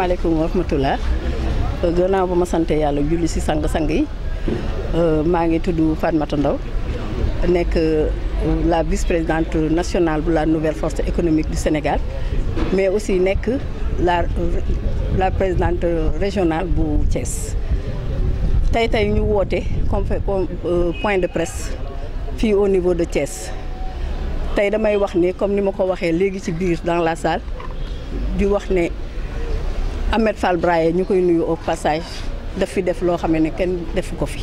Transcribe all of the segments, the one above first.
asalaamaaleykum wa rahmatulah euh, gannaaw ba ma sante yàlla julli si sang-sang yi euh, maa ngi tudd Fatmata Ndaw nekk euh, la vice présidente nationale bu la nouvelle force économique du Sénégal mais aussi nekk la la présidente régional bu Thiès. tey tey ñu woote comme point de presse fii au niveau de Thiès tey damay wax ni comme ni ma ko waxee léegi ci biir dans la salle di wax ne. Ahmed Fall Braye ñu koy nuyu au passage daf fi def loo xam ne kenn defu ko fi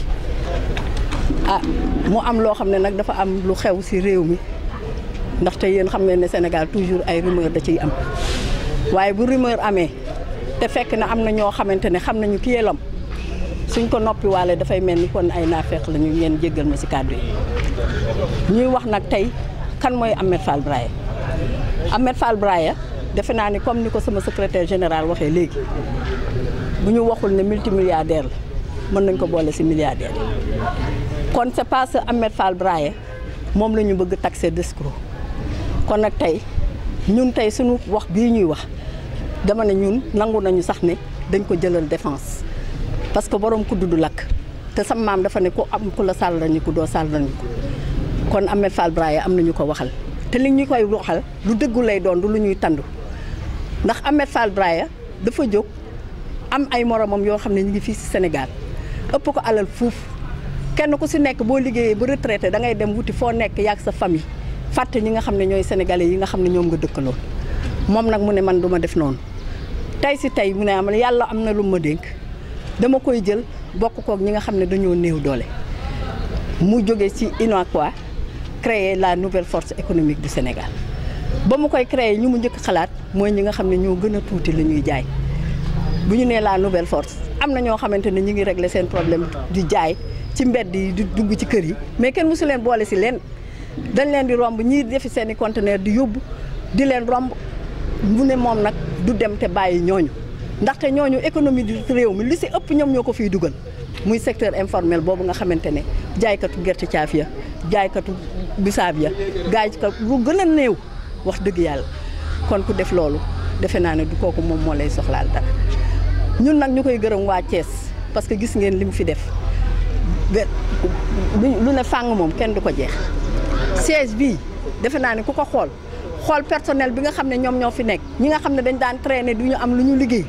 ah mu am loo xam ne nag dafa am lu xew si réew mi ndaxte yéen xam ngeen ne senegal toujours ay rumeur da ciy am waaye bu rumeur amee te fekk na am na ñoo xamante ne xam nañu kiyelam suñ ko noppi waale dafay mel ni kon ay naafeq la ñu ngeen jéggal ma si kàddu yi ñuy wax nag tey kan mooy Ahmed Fall Braye Ahmed defe naa ni comme ni ko sama secretaire général waxee léegi bu ñu waxul ne multimilliardaire la mën nañ ko boole ci milliardaire kon c'est pas ce Ahmed Fall moom la ñu bëgg taxer d'escroc kon nag tey ñun tey suñu wax bii ñuy wax dama ne ñun nangu nañu sax ne dañ ko jëlal défense parce que borom ku dudd lakk te sama maam dafa ne am ku la doo sàll lañu ko kon Ahmed Fall Braye am nañu ko waxal te li ñu koy waxal lu dëggu lay doon lu ñuy tandu ndax Ahmed Fall Braya dafa jóg am ay moromam yoo xam ne ñu ngi fii si senegal ëpp ko alal fuuf kenn ku si nekk boo liggéeyee ba retraité da ngay dem wuti foo nekk yaag sa famille fàtte ñi nga xam ne ñooy sénégalais yi nga xam ne ñoom nga dëkkaloon moom nag mu ne man duma def noonu tey si tey mu ne amal yàlla am na lu ma dénk dama koy jël bokk kook ñi nga xam ne dañoo néew doole mu jóge ci UNACOIS créer la nouvelle force économique du Sénégal ba mu koy créer ñu mu njëkk xalaat mooy ñi nga xam ne ñoo gën a tuuti la ñuy jaay bu ñu nee la nouvelle force am na ñoo xamante ne ñu ngi régler seen problème di jaay ci mbedd yi di dugg ci kër yi mais kenn mosu leen boole si leen dañ leen di romb ñii defi seen i conteneur di yóbbu di leen romb mu ne moom nag du dem te bàyyi ñooñu ndaxte ñooñu économie du réew mi li si ëpp ñoom ñoo ko fiy dugal muy secteur informel boobu nga xamante ne jaaykatu gerte caafiya jaaykatu bisaab ya gaay ka bu lu gën a néew wax dëgg yàlla kon ku def loolu defe naa ne du kooku moom moo lay soxlaal dara ñun nag ñu koy gërëm waa Thiès parce que gis ngeen li mu fi def lu ne fàng moom kenn du ko jeex siège bi defe naa ne ku ko xool xool personnel bi nga xam ne ñoom ñoo fi nekk ñi nga xam ne dañ daan traîner du ñu am lu ñu liggéey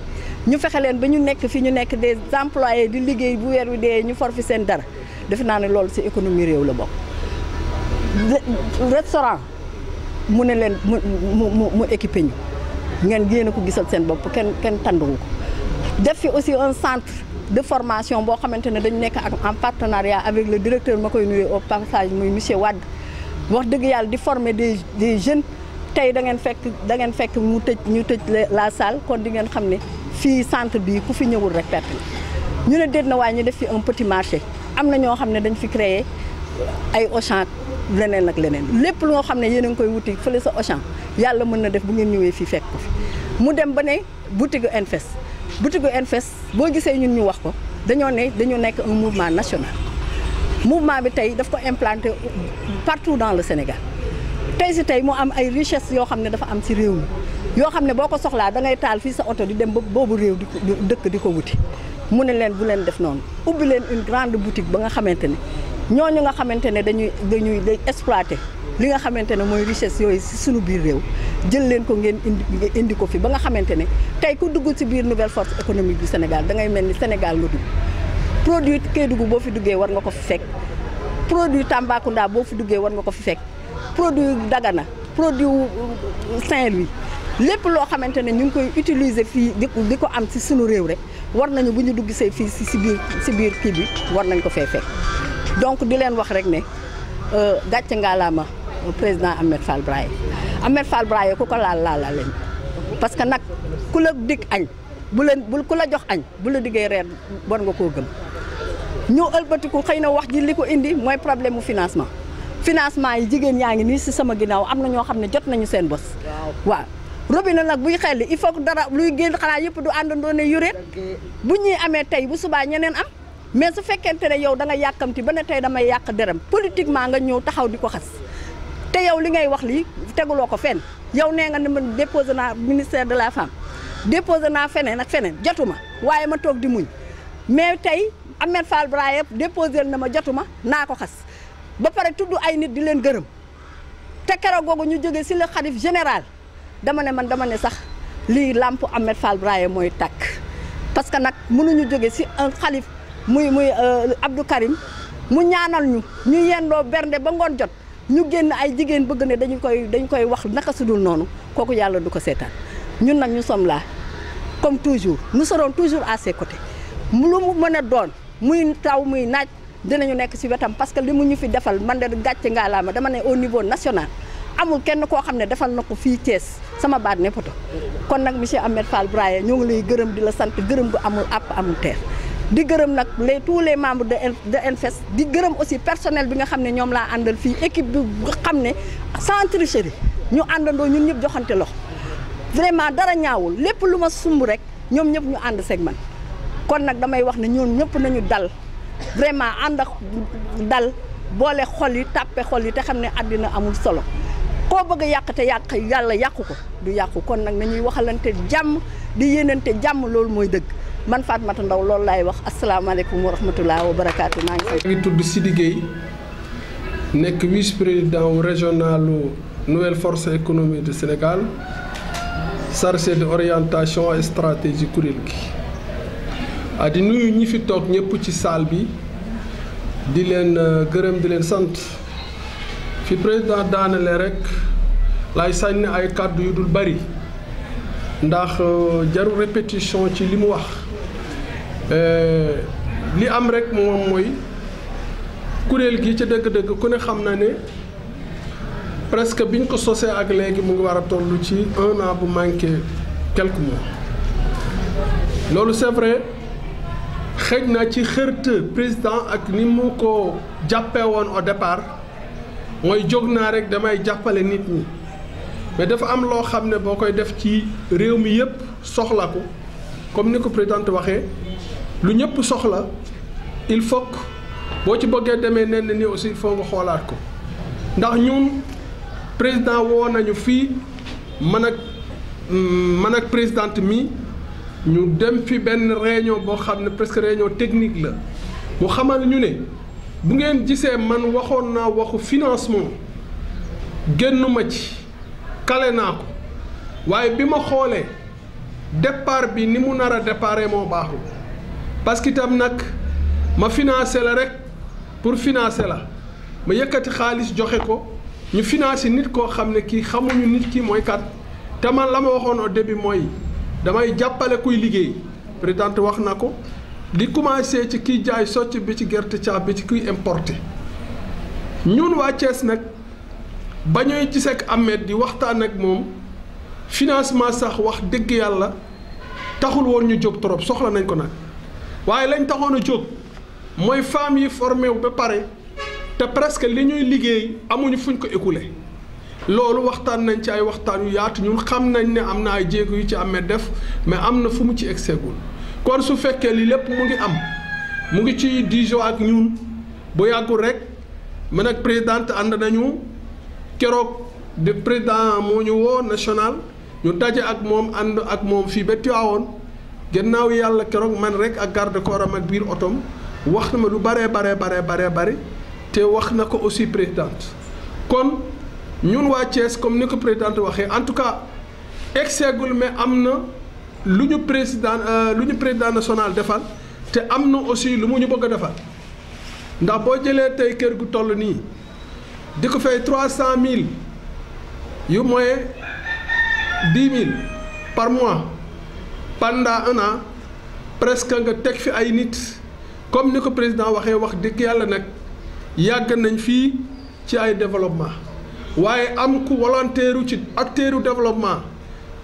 ñu fexe leen ba ñu nekk fi ñu nekk des employés di liggéey bu weer wi dee ñu for fi seen dara defe naa ne loolu ci économie réew la bokk restaurant mu ne leen mu mu mu équipé ñu ngeen yéen a ko gisal seen bopp kenn kenn tànduwu ko def fi aussi un centre de formation boo xamante ne dañ nekk ak en partenariat avec le directeur ma koy nuyee au passage muy monsieur Wade wax dëgg yàlla di former des des jeunes tey da ngeen fekk da ngeen fekk mu tëj ñu tëj la salle kon di ngeen xam ne fii centre bii ku fi ñëwul rek perte ñu ne déet na waaye ñu def fi un petit marché am na ñoo xam ne dañ fi créer ay Auchan leneen ak leneen lépp loo xam ne yéen a koy wuti fële sa Auchan yàlla mën na def bu ngeen ñëwee fii fekk ko fi mu dem ba ne boutique gu NFES boutique boo gisee ñun ñu wax ko dañoo ne dañoo nekk un mouvement national mouvement bi tey daf ko implanté partout dans le Sénégal tey si tey mu am ay richesse yoo xam ne dafa am si réew mi yoo xam ne boo ko soxlaa da ngay taal fii sa oto di dem ba boobu réew di dëkk di ko wuti mu ne leen bu leen def noonu ubbi boutique ba nga xamante ne ñooñu nga xamante ne dañuy dañuy day exploité li nga xamante ne mooy richesse yooyu si suñu biir réew jël leen ko ngeen indi ko fi ba nga xamante ne tey ku dugg ci biir nouvelle force économique du Sénégal da ngay mel ni Sénégal nga dugg produit Kédougou boo fi duggee war nga ko fi fekk produit Tambacounda boo fi duggee war nga ko fi fekk produit Dagana produit Saint-Louis lépp loo xamante ne ñu ngi koy utiliser fii di ko am ci suñu réew rek war nañu bu ñu dugg see fii si biir si biir kii bi war nañ ko fee donc di leen wax rek ne euh, gàcc ngalaama euh, président Ahmed Fall Braye Ahmed Fall Braye ku ko laal laala leen parce que nag ku la dig añ bu la bu ku la jox añ bu la diggee reer war nga koo gëm ñu ëlbatiku xëy na wax ji li ko indi mooy problème mu financement financement yi jigéen yaa ngi nii si sama ginnaaw am na ñoo xam ne jot nañu seen bos waaw robinet nag buy xel il faut que dara luy génn xalaat yëpp du àndandoo ne yuréen bu ñuy amee tey bu subaa ñeneen am mais su fekkente ne yow danga yàkkamti ba ne tey damay yàq derem politiquement nga ñëw taxaw di ko xas te yow li ngay wax lii teguloo ko fenn yow nee nga ne man déposé naa ministère de la femme déposé naa feneen ak feneen jotuma waaye ma toog di muñ mais tey Ahmed Fall Braya déposé na ma jotuma naa ko xas ba pare tudd ay nit di leen gërëm te keroog googu ñu jóge si la xalif général dama ne man dama ne sax lii làmp Ahmed Fall Braya mooy takk parce que nag mënuñu jóge ci un muy muy euh, Abdou Karim mu ñaanal ñu ñu yendoo bernde ba ngoon jot ñu génn ay jigéen bëgg ne dañu koy dañ koy wax naka su noonu kooku yàlla du ko seetaan ñun nag ñu sommes là comme toujours nous serons toujours à ses mu lu mu mën a doon muy taw muy naaj dinañu nekk si wetam parce que li mu ñu fi defal man de gàcce ngaalaama dama ne au niveau national amul kenn koo xam ne defal na ko fii cees sama baat ne poto kon nag mu si Ahmed Fall Braye ñoo ngi lay gërëm di la sant gërëm bu amul àpp amul di gërëm nag les tous les membres de de NFES di gërëm aussi personnel bi nga xam ne ñoom laa àndal fii équipe bi nga xam ne sans tricherie ñu àndandoo ñun ñëpp joxante loxo vraiment dara ñaawul lépp lu ma sumb rek ñoom ñëpp ñu ànd seeg man kon nag damay wax ne ñoom ñëpp nañu dal vraiment ànd ak dal boole xol yi tàppe xol yi te xam ne àddina amul solo koo bëgg a yàq te yàq yàlla yàqu ko du yàqu kon nag nañuy waxalante jàmm di yéenante jàmm loolu mooy dëgg man Fatoumata Ndaw lool laay wax asalaamaaleykum wa rahmatulah wa barakaatu maa ngi sant. maa ngi tudd Sidi Gueye nekk vice président wu régionalu nouvelle force économique du Sénégal chargé de orientation et stratégie kuréel gi. ah di nuyu ñi fi toog ñëpp ci salle bi di leen euh, gërëm di leen sant fi président daanale rek lay sànni ay kàddu yu dul bari ndax euh, jaru répétition ci li mu wax. Euh, li am rek moom mooy kuréel gi ca dëgg-dëgg ku ne xam na ne presque biñ ko sosee ak léegi mu ngi war a toll ci un an bu manqué quelques mois loolu c'est vrai xëj na ci xërt président ak ni mu ko jàppee woon au départ mooy jóg naa rek damay jàppale nit ñi mais dafa am loo xam ne boo koy def ci réew mi yépp soxla ko comme ni ko président waxee lu ñëpp soxla il faut boo ci bëggee demee nenn nii aussi il xoolaat ko ndax ñun président woo nañu fii man ak mm, man ak présidente mi ñu dem fi benn réunion boo xam ne presque réunion technique la mu xamal ñu ne bu ngeen gisee man waxoon naa waxu financement génnuma ci kale naa ko waaye bi ma xoolee départ bi ni mu nar a déparé moo baaxul parce que itam nag ma financé la rek pour financer la ma yëkkati xaalis joxe ko ñu financé nit koo xam ne kii xamuñu nit ki mooy kat te man la ma waxoon au début mooy damay jàppale kuy liggéey présidente wax na ko di commencé ci kiy jaay socc bi ci gerte caaf bi ci kuy importe ñun waa Thiès nag ba ñuy gis ak Ahmed di waxtaan ak moom financement sax wax dëgg yàlla taxul woon ñu jóg trop soxla nañ ko nag. waaye lañ taxoon a jóg mooy femmes yi formé wu ba pare te presque li ñuy liggéey amuñu fuñ ko écoulé loolu waxtaan nañ ci ay waxtaan yu yaatu ñun xam nañ ne am na ay jéego yu ci amee def mais am na fu mu ci egseegul kon su fekkee li lépp mu ngi am mu ngi ci diisoo ak ñun bu yàggul rek man ak présidente ànd nañu keroog de président moo ñu woo nasional ñu daje ak moom ànd ak moom fii ba Tiwaawoon gannaaw yàlla keroog man rek ak garde corps am ak biir otom wax na ma lu baree baree baree baree bare te wax na ko aussi présidente kon ñun waa Thiès comme ni ko présidente waxee en tout cas exeggul mais am na lu ñu président euh, lu ñu président national defal te am na aussi lu mu ñu bëgg a defal ndax boo jëlee tey kër gu toll nii di ko fay trois cent mille yu moyen dix mille par mois pendant un an presque nga teg fi ay nit comme ni ko président waxee wax dëgg yàlla nag yàgg nañ fii ci ay développement waaye am ku volontaire ci acteuru développement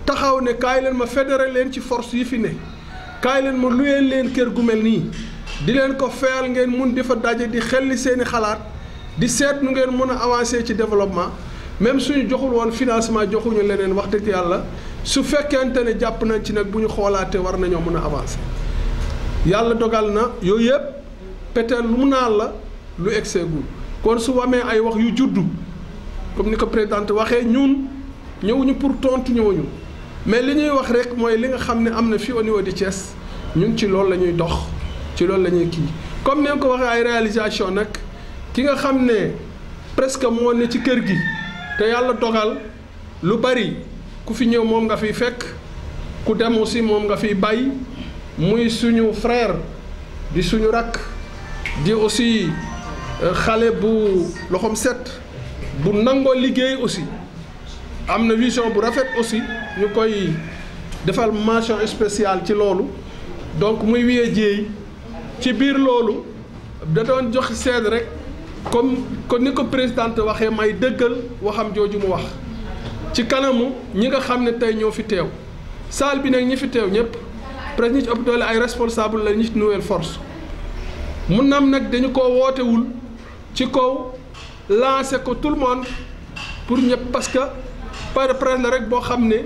taxaw ne kaay leen ma fédéré leen ci force yi fi ne kaay leen ma luyeel leen kër gu mel nii di leen ko feyal ngeen mun di fa daje di xelli seeni xalaat di seet lu ngeen mën a avancer ci développement même suñu joxul woon financement joxuñu leneen wax dëgg yàlla su fekkente ne jàpp nañ ci nag bu ñu xoolaate war nañoo mën a avancer yàlla dogal na yooyu yëpp peut-être lu mu naan la lu egseegul kon su wamee ay wax yu juddu comme ni ko présidente waxee ñun ñëwuñu pour tontu ñëwuñu mais li ñuy wax rek mooy li nga xam ne am na fii au ñun ci loolu la ñuy dox ci loolu la ñuy kii comme ni ko waxee ay réalisation nag ki nga xam ne presque moo ne ci kër gi te yàlla dogal lu bari. ku fi ñëw moom nga fiy fekk ku dem aussi moom nga fiy bàyyi muy suñu frère di suñu rakk di aussi euh, xale bu loxoom set bu nangoo liggéey aussi am na vision bu rafet aussi ñu koy defal mention spéciale ci loolu donc muy wiye jéey ci biir loolu da doon jox seed rek comme kon ni ko présidente waxee may dëggal waxam jooju mu wax ci kanamu ñi nga xam ne tey ñoo fi teew salle bi nag ñi fi teew ñëpp presque ñi ci ëpp doole ay responsable la ñi ci nouvelle force mu nam nag dañu ko wootewul ci kaw lancé ko tout le monde pour ñëpp parce que par presse la rek boo xam ne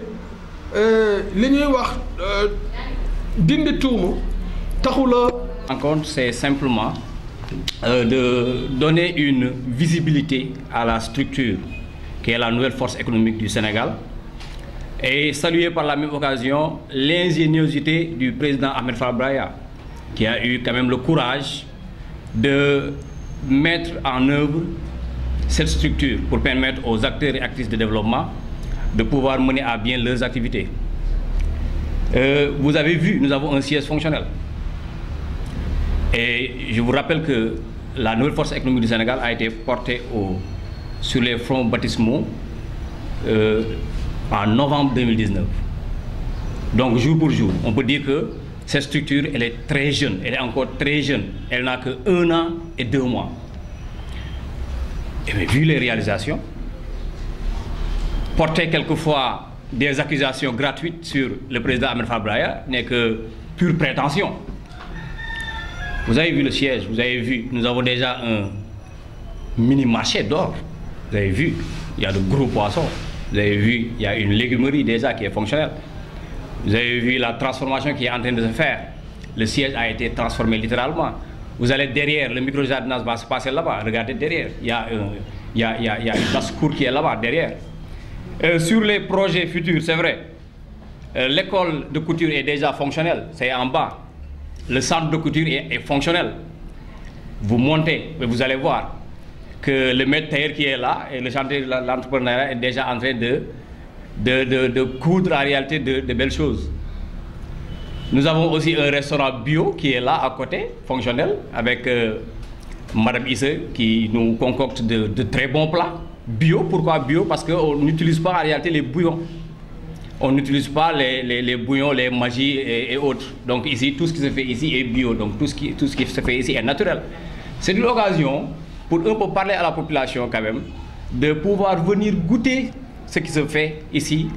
euh, li ñuy wax euh, dindi tuuma taxula rencontre c'est simplement euh, de donner une visibilité à la structure qui est la nouvelle force économique du Sénégal, et saluer par la même occasion l'ingéniosité du président Ahmed Fabraya, qui a eu quand même le courage de mettre en œuvre cette structure pour permettre aux acteurs et actrices de développement de pouvoir mener à bien leurs activités. Euh, vous avez vu, nous avons un siège fonctionnel. Et je vous rappelle que la nouvelle force économique du Sénégal a été portée au sur les fronts baptismaux euh, en novembre 2019. Donc jour pour jour, on peut dire que cette structure, elle est très jeune, elle encore très jeune. Elle n'a que un an et deux mois. Et bien, vu les réalisations, porter quelquefois des accusations gratuites sur le président Ahmed Fabraya n'est que pure prétention. Vous avez vu le siège, vous avez vu, nous avons déjà un mini-marché d'or Vous avez vu, il y a de gros poissons. Vous avez vu, il a une légumerie déjà qui est fonctionnelle. Vous avez vu la transformation qui est en train de se faire. Le siège a été transformé littéralement. Vous allez derrière, le micro-jardinage va se passer là-bas. Regardez derrière, il a, euh, il y a, il y une tasse cour qui est là-bas, derrière. Euh, sur les projets futurs, c'est vrai. Euh, L'école de couture est déjà fonctionnelle, c'est en bas. Le centre de couture est, est Vous que le maître tailleur qui est là et le chantier de l'entrepreneuriat est déjà en train de, de, de, de coudre en réalité de, de, belles choses. Nous avons aussi un restaurant bio qui est là à côté, fonctionnel, avec euh, Madame Isse qui nous concocte de, de, très bons plats. Bio, pourquoi bio Parce qu'on n'utilise pas en réalité les bouillons. On n'utilise pas les, les, les, bouillons, les magies et, et, autres. Donc ici, tout ce qui se fait ici est bio. Donc tout ce qui, se fait ici est naturel. C'est pour un peu parler à la population quand même, de pouvoir venir goûter ce qui se fait ici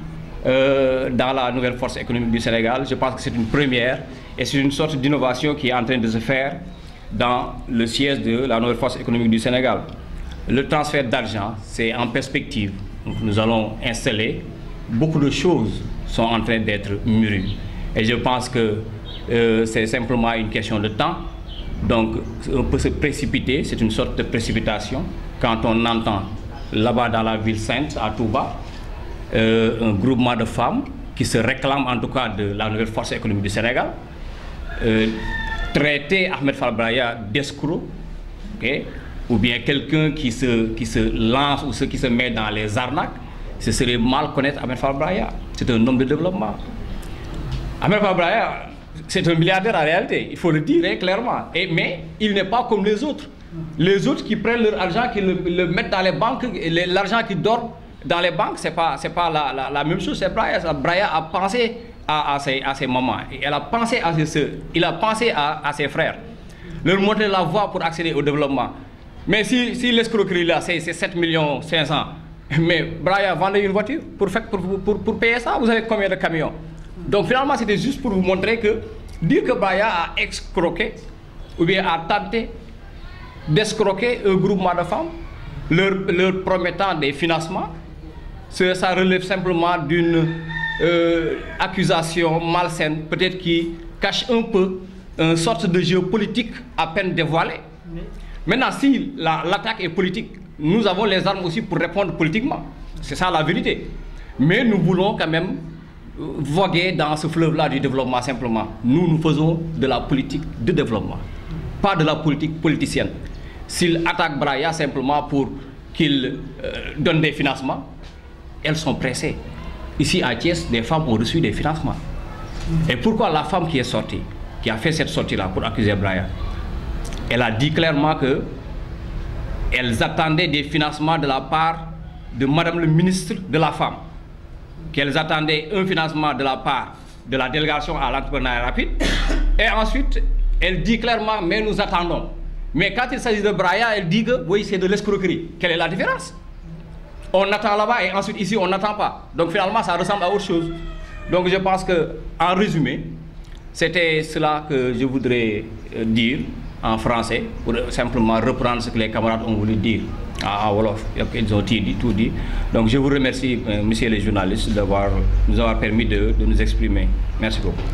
euh, dans la nouvelle force économique du Sénégal. Je pense que c'est une première et c'est une sorte d'innovation qui est en train de se faire dans le siège de la nouvelle force économique du Sénégal. Le transfert d'argent, c'est en perspective. Donc nous allons installer. Beaucoup de choses sont en train d'être mûries. Et je pense que euh, c'est simplement une question de temps. Donc, on peut se précipiter, c'est une sorte de précipitation. Quand on entend là-bas dans la ville sainte, à Touba, euh, un groupement de femmes qui se réclament en tout cas de la nouvelle force économique du Sénégal, euh, traité traiter Ahmed Falbraya d'escroc, okay, ou bien quelqu'un qui se, lance ou ceux qui se met dans les arnaques, ce serait mal connaître Ahmed Falbraya. C'est un homme de développement. Ahmed Falbraya, c'est un milliardaire en réalité, il faut le dire hein, clairement. Et, mais il n'est pas comme les autres. Les autres qui prennent leur argent, qui le, le mettent dans les banques, l'argent qui dort dans les banques, ce pas, la, la, la, même chose. C'est Braya. Braya a pensé à, à, ses, à ses mamans, elle a pensé à ses frères, leur montrer la voie pour accéder au développement. Mais si, si l'escroquerie là, c'est 7 millions mais Braya vendait une voiture pour, pour payer ça, vous avez combien de camions Donc finalement, c'était juste pour vous montrer que dire que Baya a excroqué ou bien a tenté d'escroquer un groupement de femmes, leur, leur promettant des financements, ça relève simplement d'une euh, accusation malsaine, peut-être qui cache un peu une sorte de jeu politique à peine dévoilé. Maintenant, si la, est politique, nous avons les pour répondre politiquement. C'est ça la vérité. Mais nous voulons quand même voguer dans ce fleuve-là du développement simplement. Nous, nous faisons de la politique de développement, pas de la politique politicienne. S'ils attaquent Braya simplement pour qu'ils euh, donnent des financements, elles sont pressées. Ici à Thiès, des femmes ont reçu des financements. Et pourquoi la femme qui est sortie, qui a fait cette sortie-là pour accuser Braya, elle a dit clairement que elles attendaient des financements de la part de Madame le ministre de la Femme. qu'elles attendaient un financement de la part de la délégation à l'entrepreneuriat rapide. Et ensuite, elle dit clairement, mais nous attendons. Mais quand il s'agit de Braya, elle dit que c'est de l'escroquerie. Quelle est la différence On attend là-bas et ensuite ici, on n'attend pas. Donc finalement, ça ressemble à autre chose. Donc je pense que, en résumé, c'était cela que je voudrais euh, dire en français pour simplement reprendre ce que les camarades ont ah wolof donc ils ont dit tout dit donc je vous remercie euh, messieurs les journalistes d'avoir nous avoir permis de de nous exprimer merci beaucoup.